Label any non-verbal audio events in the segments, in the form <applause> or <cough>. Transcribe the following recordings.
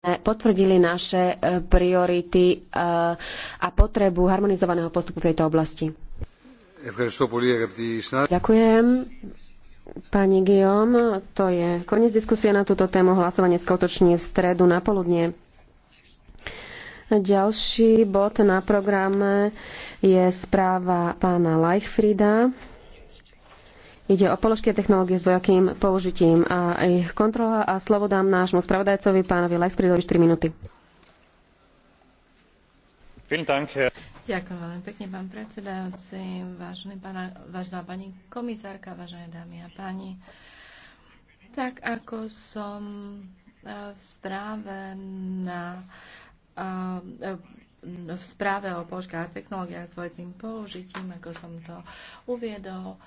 E, potvrdili naše e, priority e, a potrebu harmonizovaného postupu v tejto oblasti. Ďakujem. Pani Guillaume, to je koniec diskusie na túto tému. Hlasovanie skutočne v stredu na poludne. Ďalší bod na programe je správa pána Leichfrieda. Ide o položky a technológie s dvojakým použitím a ich kontrola a slovo dám nášmu spravodajcovi pánovi Lexpridovi 4 minúty. Ďakujem veľmi pekne, pán predsedajúci, vážený pána, vážená pani komisárka, vážené dámy a páni. Tak ako som e, v správe na e, e, v správe o položkách a technológiách s dvojitým použitím, ako som to uviedol,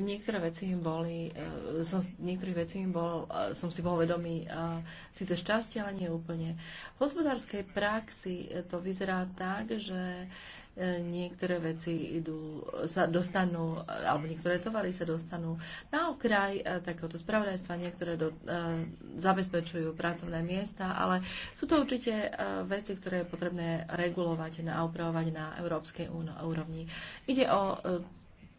Niektoré veci im boli, e, som, niektorých vecí im bol, e, som si bol vedomý e, síce šťastie, ale nie úplne. V hospodárskej praxi to vyzerá tak, že niektoré veci idú, sa dostanú, alebo niektoré tovary sa dostanú na okraj takéhoto spravodajstva, niektoré do, e, zabezpečujú pracovné miesta, ale sú to určite e, veci, ktoré je potrebné regulovať a upravovať na európskej úrovni. Ide o e,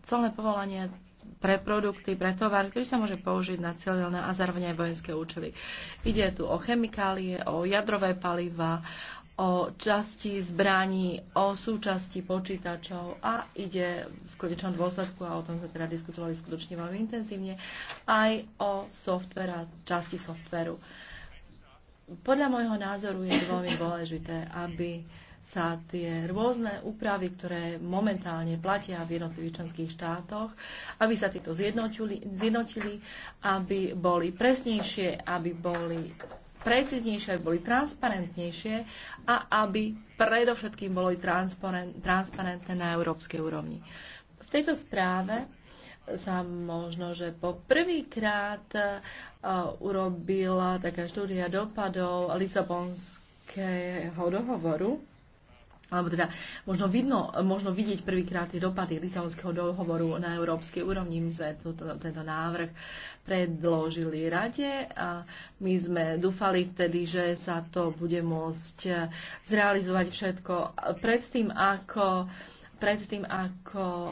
colné povolanie pre produkty, pre tovar, ktorý sa môže použiť na celé a zároveň aj vojenské účely. Ide tu o chemikálie, o jadrové paliva, o časti zbraní, o súčasti počítačov a ide v konečnom dôsledku, a o tom sa teda diskutovali skutočne veľmi intenzívne, aj o softvera, časti softveru. Podľa môjho názoru je to veľmi dôležité, aby sa tie rôzne úpravy, ktoré momentálne platia v jednotlivých členských štátoch, aby sa tieto zjednotili, zjednotili aby boli presnejšie, aby boli preciznejšie, aby boli transparentnejšie a aby predovšetkým boli transparent, transparentné na európskej úrovni. V tejto správe sa možno, že po prvýkrát e, urobila taká štúdia dopadov Lisabonského dohovoru alebo teda možno, vidno, možno vidieť prvýkrát tie dopady Lisabonského dohovoru na európskej úrovni. My sme tuto, tento návrh predložili rade a my sme dúfali vtedy, že sa to bude môcť eh, zrealizovať všetko predtým, ako predtým, ako um,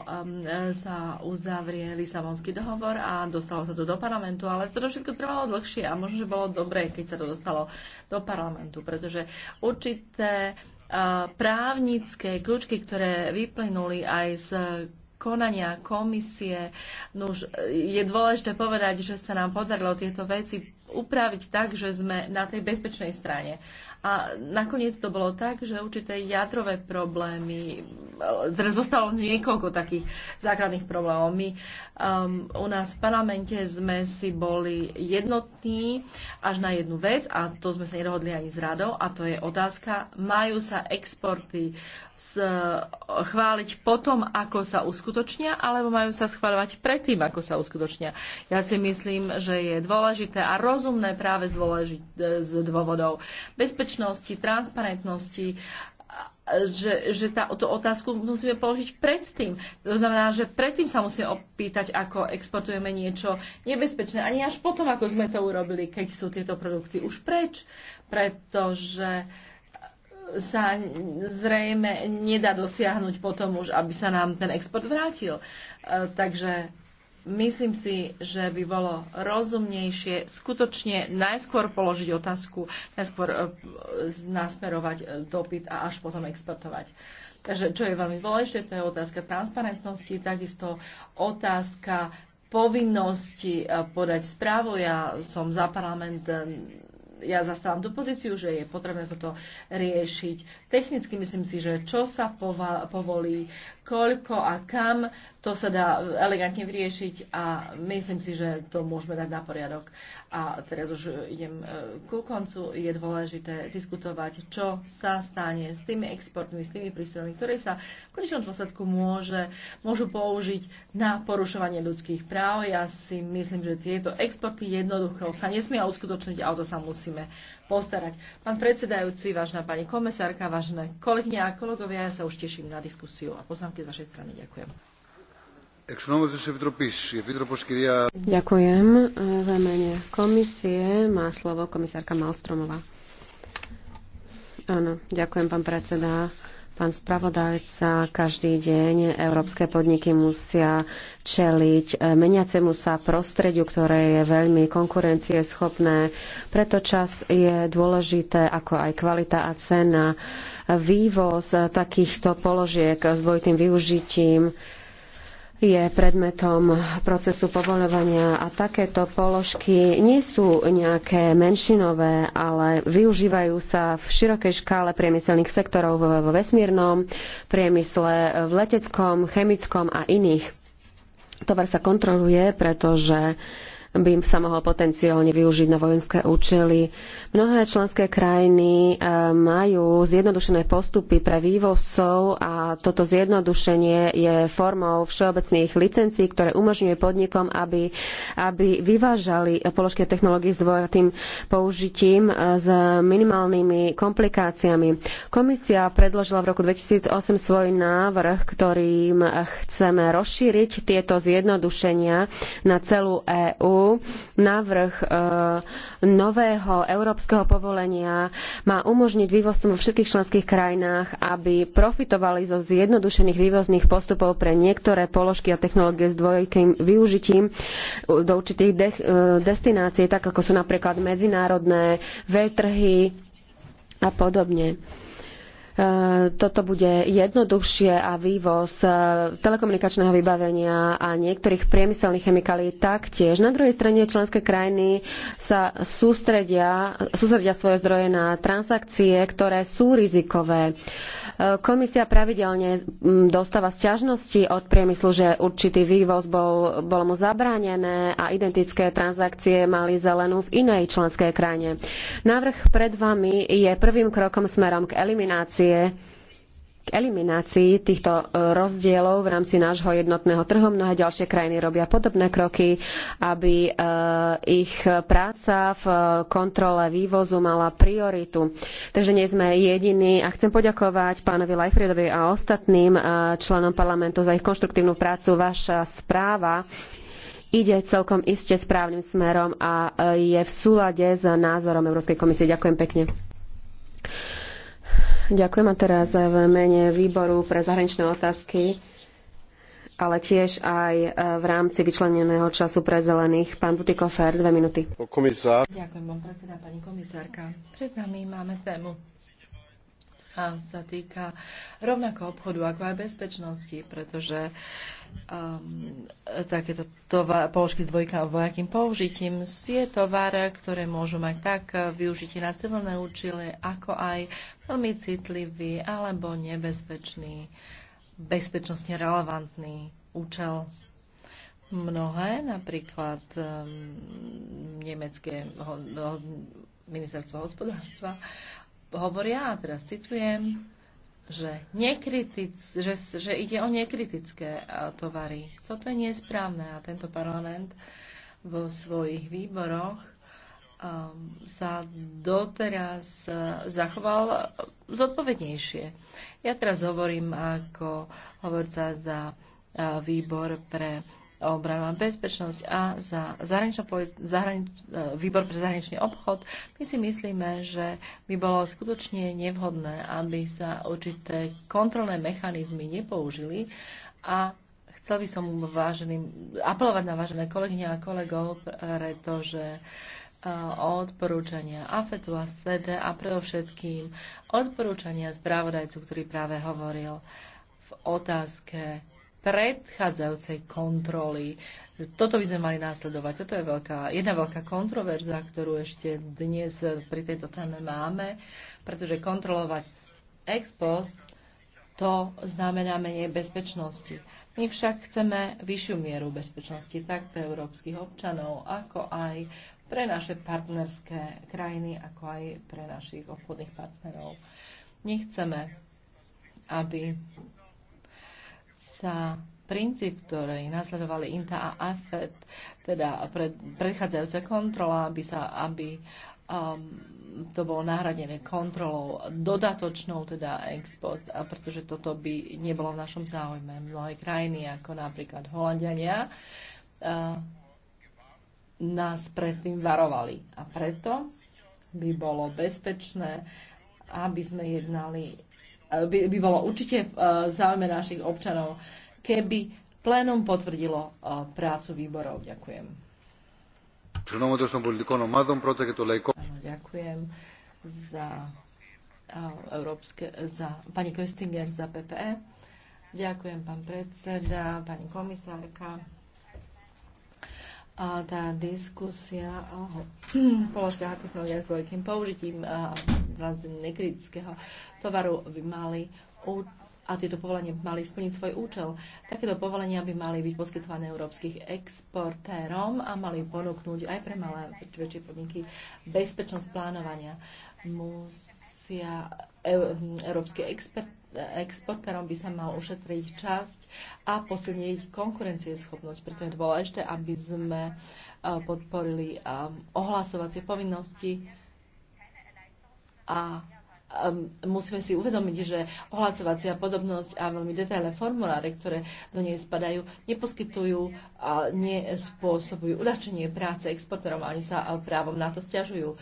sa uzavrie Lisabonský dohovor a dostalo sa to do parlamentu, ale toto všetko trvalo dlhšie a možno, že bolo dobré, keď sa to dostalo do parlamentu, pretože určité právnické kľúčky, ktoré vyplynuli aj z konania komisie. Nuž, je dôležité povedať, že sa nám podarilo tieto veci upraviť tak, že sme na tej bezpečnej strane. A nakoniec to bolo tak, že určité jadrové problémy, e, zostalo niekoľko takých základných problémov. My um, u nás v parlamente sme si boli jednotní až na jednu vec a to sme sa nedohodli ani s radou a to je otázka, majú sa exporty s, e, chváliť potom, ako sa uskutočnia, alebo majú sa schváľovať predtým, ako sa uskutočnia. Ja si myslím, že je dôležité a roz rozumné práve z, e, z dôvodov bezpečnosti, transparentnosti, že, že tá, tú otázku musíme položiť predtým. To znamená, že predtým sa musíme opýtať, ako exportujeme niečo nebezpečné. Ani až potom, ako sme to urobili, keď sú tieto produkty už preč. Pretože sa zrejme nedá dosiahnuť potom už, aby sa nám ten export vrátil. E, takže Myslím si, že by bolo rozumnejšie skutočne najskôr položiť otázku, najskôr e, nasmerovať e, dopyt a až potom exportovať. Takže čo je veľmi dôležité, to je otázka transparentnosti, takisto otázka povinnosti e, podať správu. Ja som za parlament ja zastávam tú pozíciu, že je potrebné toto riešiť. Technicky myslím si, že čo sa povolí, koľko a kam to sa dá elegantne vyriešiť a myslím si, že to môžeme dať na poriadok. A teraz už idem e, ku koncu. Je dôležité diskutovať, čo sa stane s tými exportmi, s tými prístrojmi, ktoré sa v konečnom dôsledku môže, môžu použiť na porušovanie ľudských práv. Ja si myslím, že tieto exporty jednoducho sa nesmia uskutočniť a o to sa musíme postarať. Pán predsedajúci, vážna pani komisárka, vážne kolegyne a kolegovia, ja sa už teším na diskusiu a poznámky z vašej strany. Ďakujem. Ďakujem. V mene komisie má slovo komisárka Malstromová. Áno, ďakujem, pán predseda. Pán spravodajca, každý deň európske podniky musia čeliť e, meniacemu sa prostrediu, ktoré je veľmi konkurencieschopné. Preto čas je dôležité, ako aj kvalita a cena. Vývoz takýchto položiek s dvojitým využitím je predmetom procesu povoľovania a takéto položky nie sú nejaké menšinové, ale využívajú sa v širokej škále priemyselných sektorov vo vesmírnom priemysle, v leteckom, chemickom a iných. Tovar sa kontroluje, pretože by sa mohol potenciálne využiť na vojenské účely Mnohé členské krajiny eh, majú zjednodušené postupy pre vývozcov a toto zjednodušenie je formou všeobecných licencií, ktoré umožňuje podnikom, aby, aby vyvážali položky technológií s dvojatým použitím eh, s minimálnymi komplikáciami. Komisia predložila v roku 2008 svoj návrh, ktorým chceme rozšíriť tieto zjednodušenia na celú EÚ. Návrh e, nového európskeho európskeho povolenia má umožniť vývozcom vo všetkých členských krajinách, aby profitovali zo zjednodušených vývozných postupov pre niektoré položky a technológie s dvojitým využitím do určitých de- e, destinácií, tak ako sú napríklad medzinárodné veľtrhy a podobne. E, toto bude jednoduchšie a vývoz e, telekomunikačného vybavenia a niektorých priemyselných chemikálií taktiež. Na druhej strane členské krajiny sa sústredia, sústredia svoje zdroje na transakcie, ktoré sú rizikové. Komisia pravidelne mm, dostáva sťažnosti od priemyslu, že určitý vývoz bol, bol mu zabránené a identické transakcie mali zelenú v inej členskej krajine. Návrh pred vami je prvým krokom smerom k eliminácie k eliminácii týchto e, rozdielov v rámci nášho jednotného trhu. Mnohé ďalšie krajiny robia podobné kroky, aby e, ich práca v e, kontrole vývozu mala prioritu. Takže nie sme jediní a chcem poďakovať pánovi Lajfriedovi a ostatným členom parlamentu za ich konštruktívnu prácu. Vaša správa ide celkom iste správnym smerom a je v súlade s názorom Európskej komisie. Ďakujem pekne. Ďakujem a teraz v mene výboru pre zahraničné otázky, ale tiež aj e, v rámci vyčleneného času pre zelených. Pán Butikofer, dve minúty. Komisár. Ďakujem, pán predseda, pani komisárka. Pred nami máme tému a sa týka rovnako obchodu ako aj bezpečnosti, pretože uh, um, takéto tovar, položky s dvojkým a dvojakým použitím. Je tovar, ktoré môžu mať tak využitie na civilné účely, ako aj veľmi citlivý alebo nebezpečný, bezpečnostne relevantný účel. Mnohé, napríklad um, nemecké ho, ho, ministerstvo hospodárstva, hovoria, a teraz citujem, že, nekritic, že, že ide o nekritické e, tovary. Toto je nesprávne a tento parlament vo svojich výboroch ehm, sa doteraz e, zachoval e, zodpovednejšie. Ja teraz hovorím ako hovorca za výbor pre obranu a bezpečnosť a za zahranič, e, výbor pre zahraničný obchod, my si myslíme, že by bolo skutočne nevhodné, aby sa určité kontrolné mechanizmy nepoužili a chcel by som váženým, apelovať na vážené kolegyne a kolegov, pretože e, odporúčania AFETu a CD a predovšetkým odporúčania správodajcu, ktorý práve hovoril v otázke predchádzajúcej kontroly. Toto by sme mali následovať. Toto je veľká, jedna veľká kontroverza, ktorú ešte dnes pri tejto téme máme, pretože kontrolovať ex post to znamená menej bezpečnosti. My však chceme vyššiu mieru bezpečnosti tak pre európskych občanov, ako aj pre naše partnerské krajiny, ako aj pre našich obchodných partnerov. Nechceme, aby sa princíp, ktorý nasledovali INTA a AFED, teda pred, predchádzajúca kontrola, aby sa, aby um, to bolo nahradené kontrolou dodatočnou, teda ex post, a pretože toto by nebolo v našom záujme. Mnohé krajiny, ako napríklad Holandiania, uh, nás predtým varovali. A preto by bolo bezpečné, aby sme jednali Eh, by, by bolo určite eh, v záujme našich občanov, keby plénum potvrdilo eh, prácu výborov. Ďakujem. ďakujem za, európske, za pani Köstinger za PPE. Ďakujem, pán predseda, pani komisárka. A tá diskusia o <clears throat> položkách a technológiách s dvojkým použitím transformáciu nekritického tovaru by mali a tieto povolenia by mali splniť svoj účel. Takéto povolenia by mali byť poskytované európskych exportérom a mali ponúknuť aj pre malé a väčšie podniky bezpečnosť plánovania. Musia európsky expert, exportérom by sa mal ušetriť časť a posilniť konkurencieschopnosť. Preto je dôležité, aby sme eh, podporili eh, ohlasovacie povinnosti a um, musíme si uvedomiť, že ohlacovacia podobnosť a veľmi detailné formuláre, ktoré do nej spadajú, neposkytujú a nespôsobujú uľahčenie práce exportérov, ani sa právom na to stiažujú.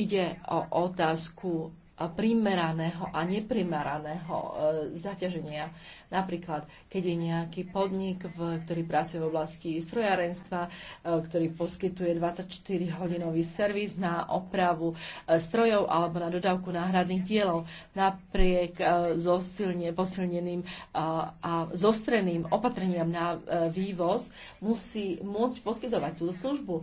Ide o otázku primeraného a neprimeraného e, zaťaženia. Napríklad, keď je nejaký podnik, v, ktorý pracuje v oblasti strojárenstva, e, ktorý poskytuje 24-hodinový servis na opravu e, strojov alebo na dodávku náhradných dielov, napriek zosilne, posilneným a zostreným opatreniam na vývoz, musí môcť poskytovať túto službu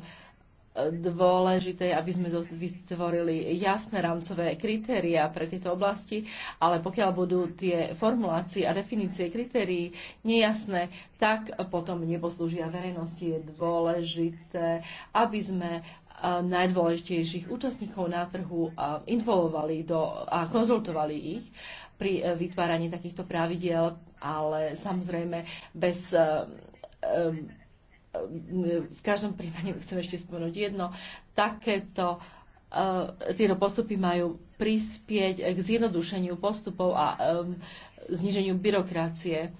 dôležité, aby sme vytvorili jasné rámcové kritéria pre tieto oblasti, ale pokiaľ budú tie formulácie a definície kritérií nejasné, tak potom neposlúžia verejnosti. Je dôležité, aby sme e, najdôležitejších účastníkov na trhu e, involovali do, a konzultovali ich pri e, vytváraní takýchto pravidiel, ale samozrejme bez um, v každom prípade chcem ešte spomenúť jedno, takéto e, tieto postupy majú prispieť k zjednodušeniu postupov a um, e, zniženiu byrokracie.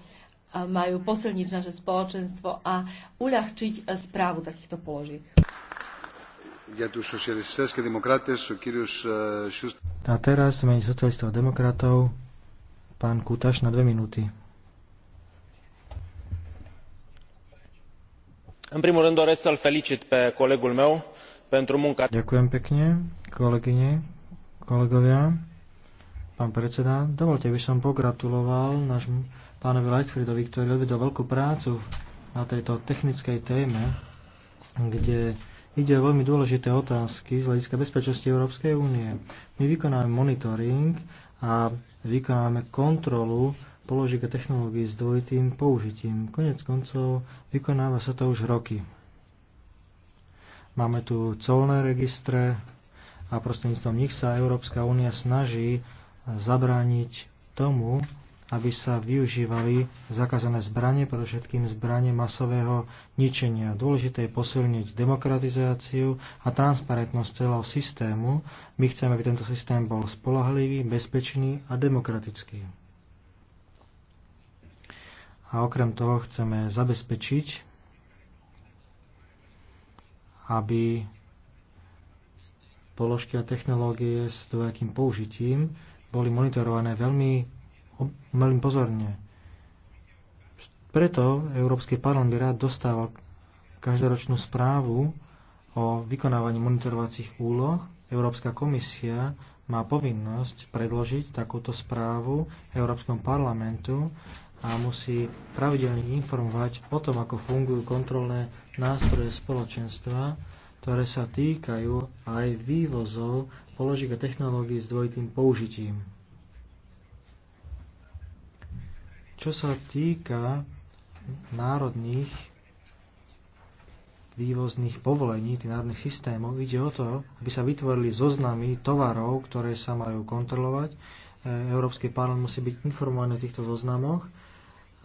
A majú posilniť naše spoločenstvo a uľahčiť správu takýchto položiek. A teraz menej socialistov a demokratov pán Kutaš na dve minúty. în primul rând doresc să l felicit pe colegul meu pentru munca. Ďakujem pekne, kolegyne, kolegovia. Pán predseda, dovolte, by som pogratuloval nášmu pánovi Lightfriedovi, ktorý odvedol veľkú prácu na tejto technickej téme, kde ide o veľmi dôležité otázky z hľadiska bezpečnosti Európskej únie. My vykonáme monitoring a vykonáme kontrolu položiek a technológií s dvojitým použitím. Konec koncov vykonáva sa to už roky. Máme tu colné registre a prostredníctvom nich sa Európska únia snaží zabrániť tomu, aby sa využívali zakázané zbranie, predovšetkým zbranie masového ničenia. Dôležité je posilniť demokratizáciu a transparentnosť celého systému. My chceme, aby tento systém bol spolahlivý, bezpečný a demokratický a okrem toho chceme zabezpečiť, aby položky a technológie s dvojakým použitím boli monitorované veľmi, veľmi pozorne. Preto Európsky parlament by rád dostával každoročnú správu o vykonávaní monitorovacích úloh. Európska komisia má povinnosť predložiť takúto správu Európskom parlamentu a musí pravidelne informovať o tom, ako fungujú kontrolné nástroje spoločenstva, ktoré sa týkajú aj vývozov položiek a technológií s dvojitým použitím. Čo sa týka národných vývozných povolení, tých národných systémov, ide o to, aby sa vytvorili zoznamy tovarov, ktoré sa majú kontrolovať. E, Európsky parlament musí byť informovaný o týchto zoznamoch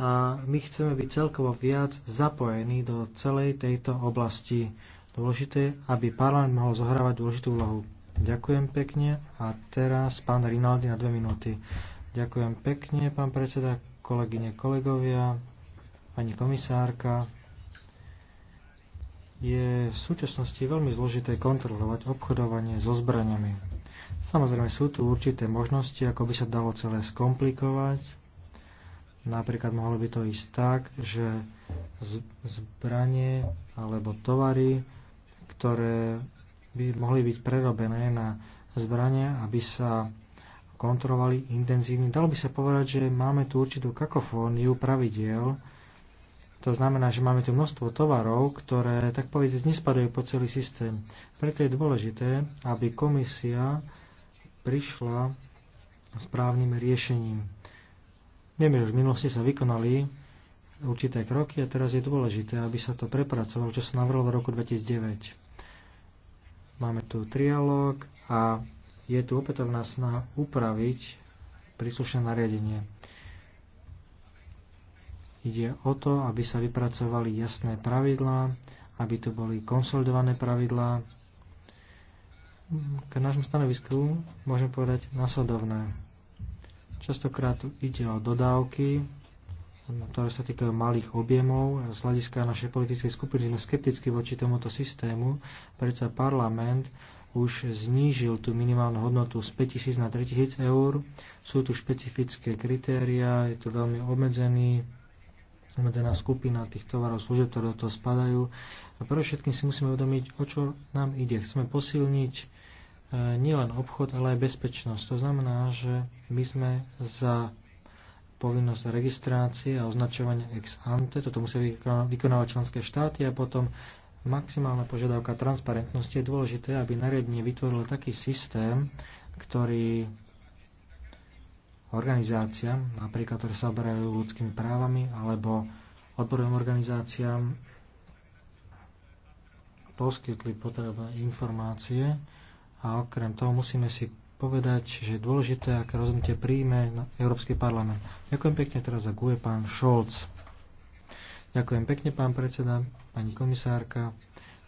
a my chceme byť celkovo viac zapojení do celej tejto oblasti. Dôležité aby parlament mohol zohrávať dôležitú úlohu. Ďakujem pekne a teraz pán Rinaldi na dve minúty. Ďakujem pekne, pán predseda, kolegyne, kolegovia, pani komisárka. Je v súčasnosti veľmi zložité kontrolovať obchodovanie so zbraniami. Samozrejme sú tu určité možnosti, ako by sa dalo celé skomplikovať, Napríklad mohlo by to ísť tak, že zbranie alebo tovary, ktoré by mohli byť prerobené na zbranie, aby sa kontrolovali intenzívne. Dalo by sa povedať, že máme tu určitú kakofóniu pravidiel. To znamená, že máme tu množstvo tovarov, ktoré tak povedať nespadajú po celý systém. Preto je dôležité, aby komisia prišla správnym riešením Vieme, že v minulosti sa vykonali určité kroky a teraz je dôležité, aby sa to prepracovalo, čo sa navrhlo v roku 2009. Máme tu trialóg a je tu opätovná snaha upraviť príslušné nariadenie. Ide o to, aby sa vypracovali jasné pravidlá, aby tu boli konsolidované pravidlá. K nášmu stanovisku môžem povedať nasledovné. Častokrát ide o dodávky, ktoré sa týkajú malých objemov. Z hľadiska našej politickej skupiny sme skepticky voči tomuto systému. Predsa parlament už znížil tú minimálnu hodnotu z 5000 na 3000 eur. Sú tu špecifické kritéria, je to veľmi obmedzený, obmedzená skupina tých tovarov služieb, ktoré do toho spadajú. A pre všetkým si musíme uvedomiť, o čo nám ide. Chceme posilniť nielen obchod, ale aj bezpečnosť. To znamená, že my sme za povinnosť registrácie a označovania ex ante, toto musia vykonávať členské štáty a potom maximálna požiadavka transparentnosti je dôležité, aby nariadenie vytvorilo taký systém, ktorý organizáciám, napríklad, ktoré sa oberajú ľudskými právami alebo odborovým organizáciám, poskytli potrebné informácie, a okrem toho musíme si povedať, že je dôležité, aké rozhodnutie príjme na Európsky parlament. Ďakujem pekne teraz za guje pán Šolc. Ďakujem pekne pán predseda, pani komisárka.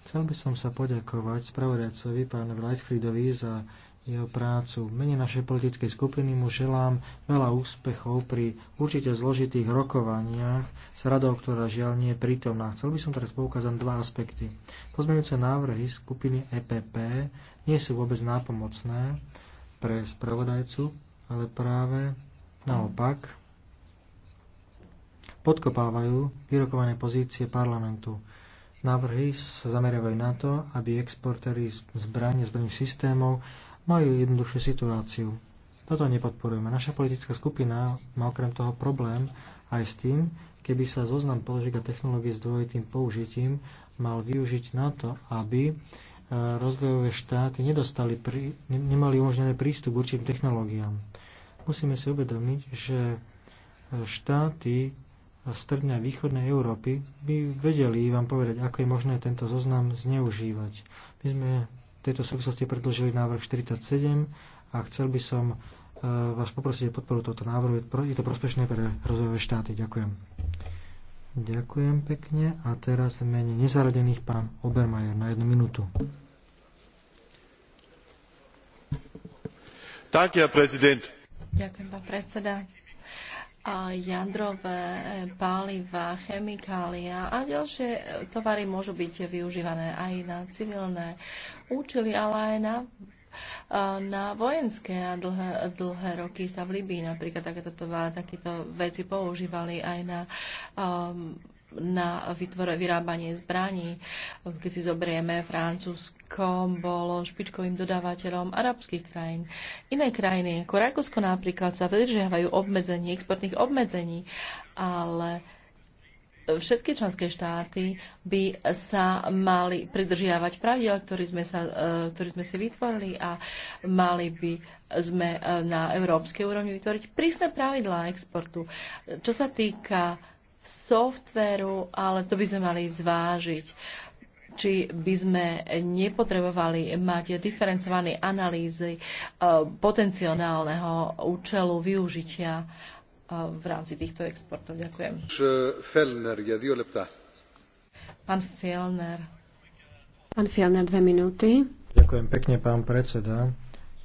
Chcel by som sa poďakovať spravodajcovi pánovi Lightfriedovi za jeho prácu. V mene našej politickej skupiny mu želám veľa úspechov pri určite zložitých rokovaniach s radou, ktorá žiaľ nie je prítomná. Chcel by som teraz poukázať dva aspekty. Pozmeňujúce návrhy skupiny EPP nie sú vôbec nápomocné pre spravodajcu, ale práve naopak podkopávajú vyrokované pozície parlamentu. Návrhy sa zameriavajú na to, aby exportéry zbraní, zbraní systémov majú jednoduchšiu situáciu. Toto nepodporujeme. Naša politická skupina má okrem toho problém aj s tým, keby sa zoznam položiek a technológií s dvojitým použitím mal využiť na to, aby e, rozvojové štáty nedostali, pri, nemali umožnený prístup k určitým technológiám. Musíme si uvedomiť, že e, štáty strednej a východnej Európy by vedeli vám povedať, ako je možné tento zoznam zneužívať. My sme tejto súvislosti predložili návrh 47 a chcel by som e, vás poprosiť o podporu tohto návrhu. Je to prospešné pre rozvojové štáty. Ďakujem. Ďakujem pekne. A teraz v mene nezaradených pán Obermajer na jednu minútu. Ďakujem, pán predseda jadrové e, paliva, chemikália a ďalšie e, tovary môžu byť využívané aj na civilné účely, ale aj na e, na vojenské a dlhé, dlhé roky sa v Libii napríklad takéto, veci používali aj na um, na vytvore, vyrábanie zbraní. Keď si zoberieme, Francúzsko bolo špičkovým dodávateľom arabských krajín. Iné krajiny, ako Rakúsko napríklad, sa vydržiavajú obmedzení, exportných obmedzení, ale všetky členské štáty by sa mali pridržiavať pravidel, ktoré, sme, e, sme si vytvorili a mali by sme e, na európskej úrovni vytvoriť prísne pravidlá exportu. Čo sa týka softveru, ale to by sme mali zvážiť či by sme nepotrebovali mať diferencované analýzy e, potenciálneho účelu využitia e, v rámci týchto exportov. Ďakujem. Pán Fielner. Pán Fielner, dve minúty. Ďakujem pekne, pán predseda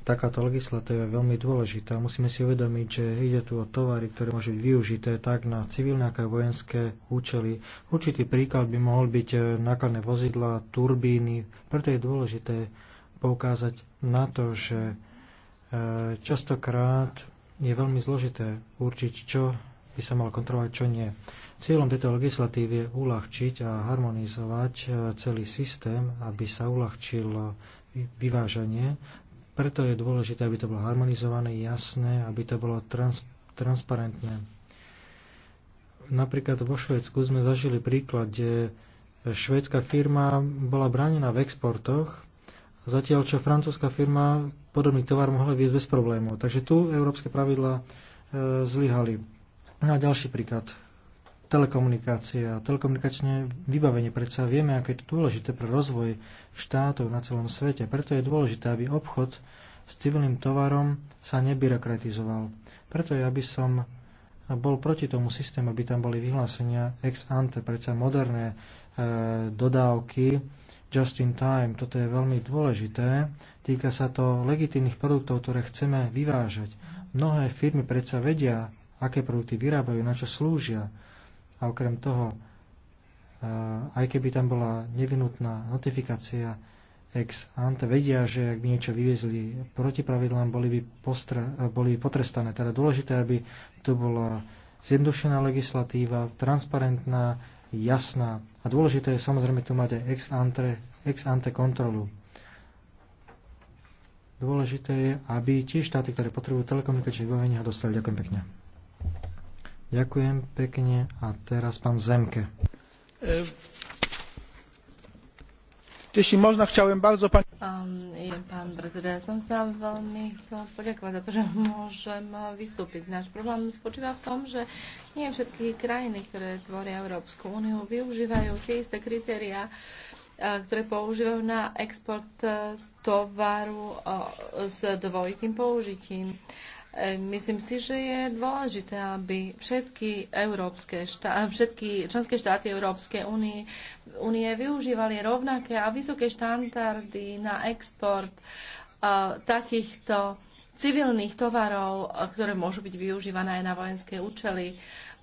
takáto legislatíva je veľmi dôležitá. Musíme si uvedomiť, že ide tu o tovary, ktoré môžu byť využité tak na civilné, ako aj vojenské účely. Určitý príklad by mohol byť e, nákladné vozidla, turbíny. Preto je dôležité poukázať na to, že e, častokrát je veľmi zložité určiť, čo by sa malo kontrolovať, čo nie. Cieľom tejto legislatívy je uľahčiť a harmonizovať e, celý systém, aby sa uľahčilo vyvážanie, preto je dôležité, aby to bolo harmonizované, jasné, aby to bolo trans- transparentné. Napríklad vo Švedsku sme zažili príklad, kde švédska firma bola bránená v exportoch, zatiaľ čo francúzska firma podobný tovar mohla viesť bez problémov. Takže tu európske pravidlá e, zlyhali. No a ďalší príklad telekomunikácie a telekomunikačné vybavenie. Predsa vieme, aké je to dôležité pre rozvoj štátov na celom svete. Preto je dôležité, aby obchod s civilným tovarom sa nebyrokratizoval. Preto ja by som bol proti tomu systému, aby tam boli vyhlásenia ex ante, predsa moderné e, dodávky just in time. Toto je veľmi dôležité. Týka sa to legitímnych produktov, ktoré chceme vyvážať. Mnohé firmy predsa vedia, aké produkty vyrábajú, na čo slúžia a okrem toho, eh, aj keby tam bola nevinutná notifikácia ex ante, vedia, že ak by niečo vyviezli proti pravidlám, boli by, postre, eh, boli by potrestané. Teda dôležité, aby tu bola zjednodušená legislatíva, transparentná, jasná. A dôležité je samozrejme tu mať aj ex ante, ex ante kontrolu. Dôležité je, aby tie štáty, ktoré potrebujú telekomunikačné vybavenie, ho dostali. Ďakujem pekne. Ďakujem pekne a teraz pán Zemke. E, jeśli można, chciałem bardzo pani... Um, pán predseda, ja som sa veľmi chcela poďakovať za to, že môžem vystúpiť. Náš problém spočíva v tom, že nie všetky krajiny, ktoré tvoria Európsku úniu, využívajú tie isté kritériá, ktoré používajú na export e, tovaru e, s dvojitým použitím. E, myslím si, že je dôležité, aby všetky, európske štá- všetky členské štáty Európskej únie, únie využívali rovnaké a vysoké štandardy na export uh, takýchto civilných tovarov, e, ktoré môžu byť využívané aj na vojenské účely.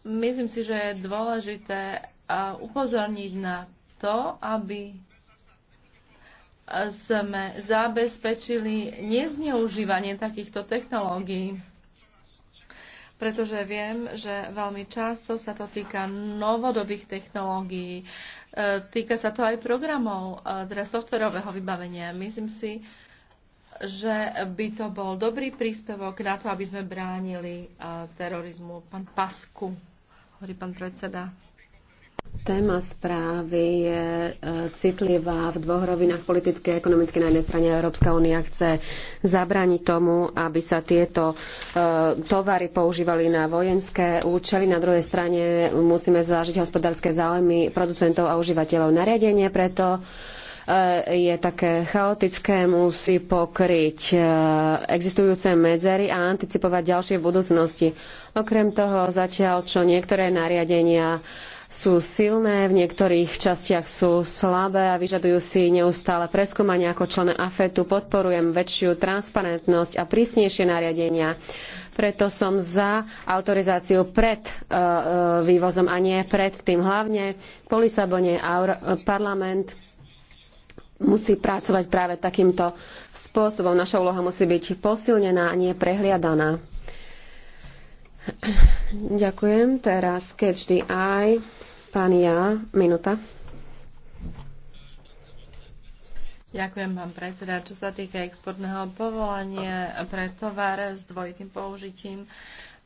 Myslím si, že je dôležité uh, upozorniť na to, aby sme zabezpečili nezneužívanie takýchto technológií. Pretože viem, že veľmi často sa to týka novodobých technológií. E, týka sa to aj programov, e, teda softverového vybavenia. Myslím si, že by to bol dobrý príspevok na to, aby sme bránili e, terorizmu. Pán Pasku, hovorí pán predseda. Téma správy je e, citlivá v dvoch rovinách politické a ekonomické. Na jednej strane Európska únia chce zabrániť tomu, aby sa tieto e, tovary používali na vojenské účely. Na druhej strane musíme zvážiť hospodárske záujmy producentov a užívateľov. Nariadenie preto e, je také chaotické, musí pokryť existujúce medzery a anticipovať ďalšie v budúcnosti. Okrem toho, zatiaľ čo niektoré nariadenia sú silné, v niektorých častiach sú slabé a vyžadujú si neustále preskúmanie. Ako člen AFETu podporujem väčšiu transparentnosť a prísnejšie nariadenia. Preto som za autorizáciu pred e, e, vývozom a nie pred tým. Hlavne po Lisabone e, parlament musí pracovať práve takýmto spôsobom. Naša úloha musí byť posilnená a nie prehliadaná. Ďakujem. Teraz catch the eye. Pán Ja, minúta. Ďakujem, pán predseda. Čo sa týka exportného povolania pre tovar s dvojitým použitím,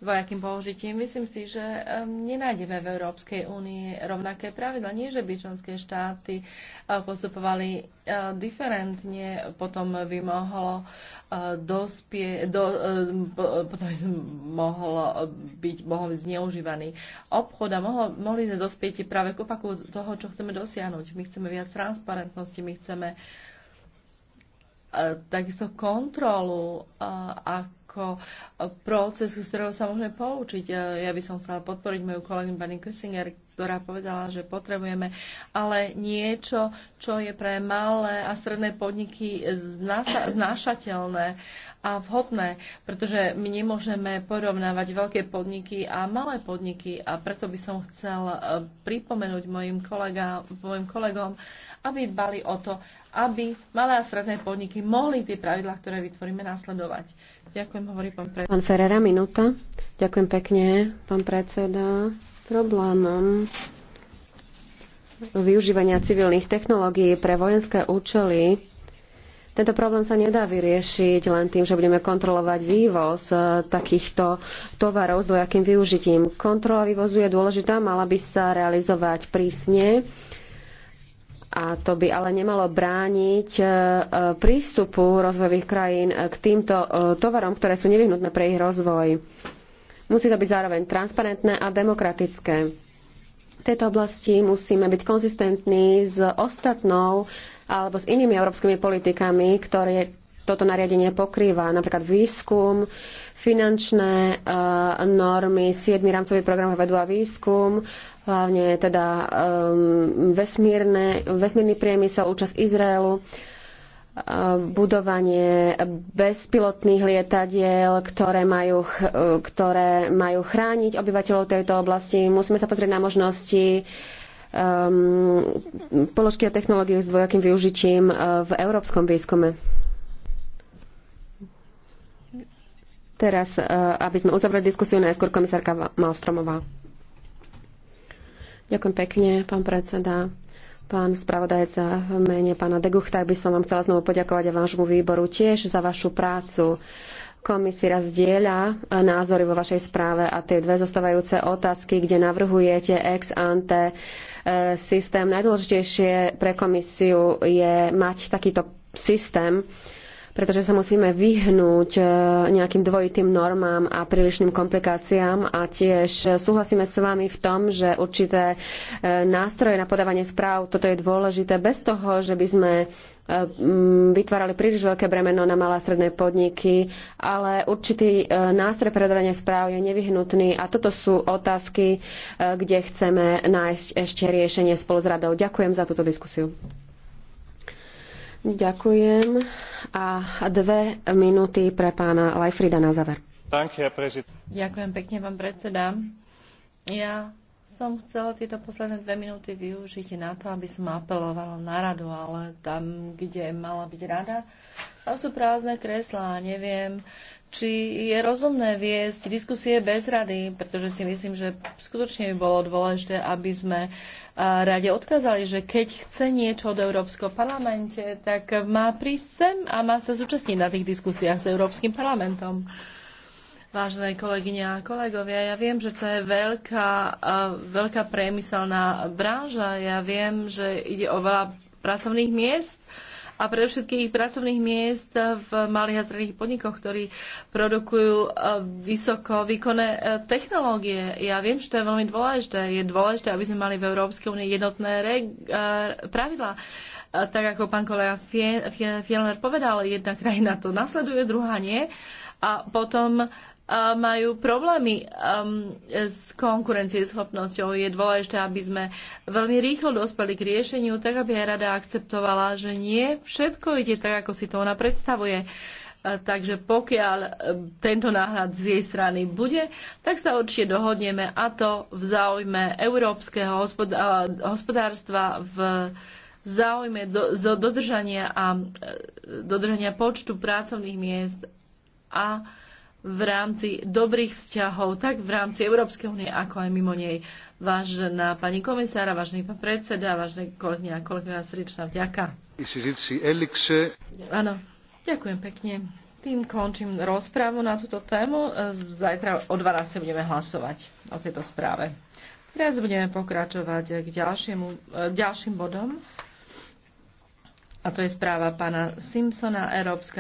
dvojakým použitím. Myslím si, že nenájdeme v Európskej únii rovnaké pravidla. Nie, že by členské štáty eh, postupovali eh, diferentne, potom by mohlo eh, dospie, do, potom by mohlo byť, mohol byť zneužívaný obchod a mohlo, mohli sme dospieť práve k opaku toho, čo chceme dosiahnuť. My chceme viac transparentnosti, my chceme uh, E, takisto kontrolu e, ako proces, z ktorého sa môžeme poučiť. E, ja by som chcela podporiť moju kolegyňu pani Kösinger, ktorá povedala, že potrebujeme ale niečo, čo je pre malé a stredné podniky znášateľné. Znasa- a vhodné, pretože my nemôžeme porovnávať veľké podniky a malé podniky a preto by som chcel e, pripomenúť mojim, kolega, mojim kolegom, aby dbali o to, aby malé a stredné podniky mohli tie pravidlá, ktoré vytvoríme, následovať. Ďakujem, hovorí pán predseda. Pán Ferrera, minúta. Ďakujem pekne, pán predseda. Problémom využívania civilných technológií pre vojenské účely tento problém sa nedá vyriešiť len tým, že budeme kontrolovať vývoz e, takýchto tovarov s dvojakým využitím. Kontrola vývozu je dôležitá, mala by sa realizovať prísne a to by ale nemalo brániť e, e, prístupu rozvojových krajín k týmto tovarom, ktoré sú nevyhnutné pre ich rozvoj. Musí to byť zároveň transparentné a demokratické. V tejto oblasti musíme byť konzistentní s ostatnou alebo s inými európskymi politikami, ktoré toto nariadenie pokrýva, napríklad výskum, finančné uh, normy, 7. rámcový program vedú a výskum, hlavne teda um, vesmírne, vesmírny priemysel, účasť Izraelu, uh, budovanie bezpilotných lietadiel, ktoré majú, uh, ktoré majú chrániť obyvateľov tejto oblasti. Musíme sa pozrieť na možnosti uh, Ehm, položky a technológie s dvojakým využitím eh, v európskom výskume. Teraz, eh, aby sme uzavreli diskusiu, najskôr komisárka Malstromová. Ďakujem pekne, pán predseda pán spravodajca v mene pána Deguchta, by som vám chcela znovu poďakovať a vášmu výboru tiež za vašu prácu. Komisia zdieľa názory vo vašej správe a tie dve zostávajúce otázky, kde navrhujete ex ante e, systém. Najdôležitejšie pre komisiu je mať takýto systém, pretože sa musíme vyhnúť e, nejakým dvojitým normám a prílišným komplikáciám a tiež súhlasíme s vami v tom, že určité e, nástroje na podávanie správ, toto je dôležité bez toho, že by sme Ehm, vytvárali príliš veľké bremeno na malé a stredné podniky, ale určitý e, nástroj predávania správ je nevyhnutný a toto sú otázky, e, kde chceme nájsť ešte riešenie spolu s radou. Ďakujem za túto diskusiu. Ďakujem. A dve minúty pre pána Lajfrida na záver. Ďakujem pekne, pán predseda. Ja som chcela tieto posledné dve minúty využiť na to, aby som apelovala na radu, ale tam, kde mala byť rada, tam sú prázdne kreslá. Neviem, či je rozumné viesť diskusie bez rady, pretože si myslím, že skutočne by bolo dôležité, aby sme rade odkázali, že keď chce niečo od Európskeho parlamente, tak má prísť sem a má sa zúčastniť na tých diskusiách s Európskym parlamentom. Vážené kolegyne a kolegovia, ja viem, že to je veľká, veľká priemyselná branža. Ja viem, že ide o veľa pracovných miest a pre všetkých pracovných miest v malých a stredných podnikoch, ktorí produkujú vysoko výkonné e, technológie. Ja viem, že to je veľmi dôležité. Je dôležité, aby sme mali v Európskej únii jednotné reg- e, pravidlá. Tak ako pán kolega Fielner povedal, jedna krajina to nasleduje, druhá nie. A potom majú problémy um, s konkurencieschopnosťou. Je dôležité, aby sme veľmi rýchlo dospeli k riešeniu, tak aby aj rada akceptovala, že nie všetko ide tak, ako si to ona predstavuje. Takže pokiaľ e, tento náhľad z jej strany bude, tak sa určite dohodneme a to v záujme európskeho hospodárstva, v záujme do, do dodržania a e, dodržania počtu pracovných miest a v rámci dobrých vzťahov, tak v rámci Európskej únie, ako aj mimo nej. Vážená pani komisára, vážený pán predseda, vážené kolegyne a kolegovia, srdečná vďaka. Áno, ďakujem pekne. Tým končím rozprávu na túto tému. Zajtra o 12. budeme hlasovať o tejto správe. Teraz budeme pokračovať k ďalšiemu, e, ďalším bodom. A to je správa pána Simpsona, Európska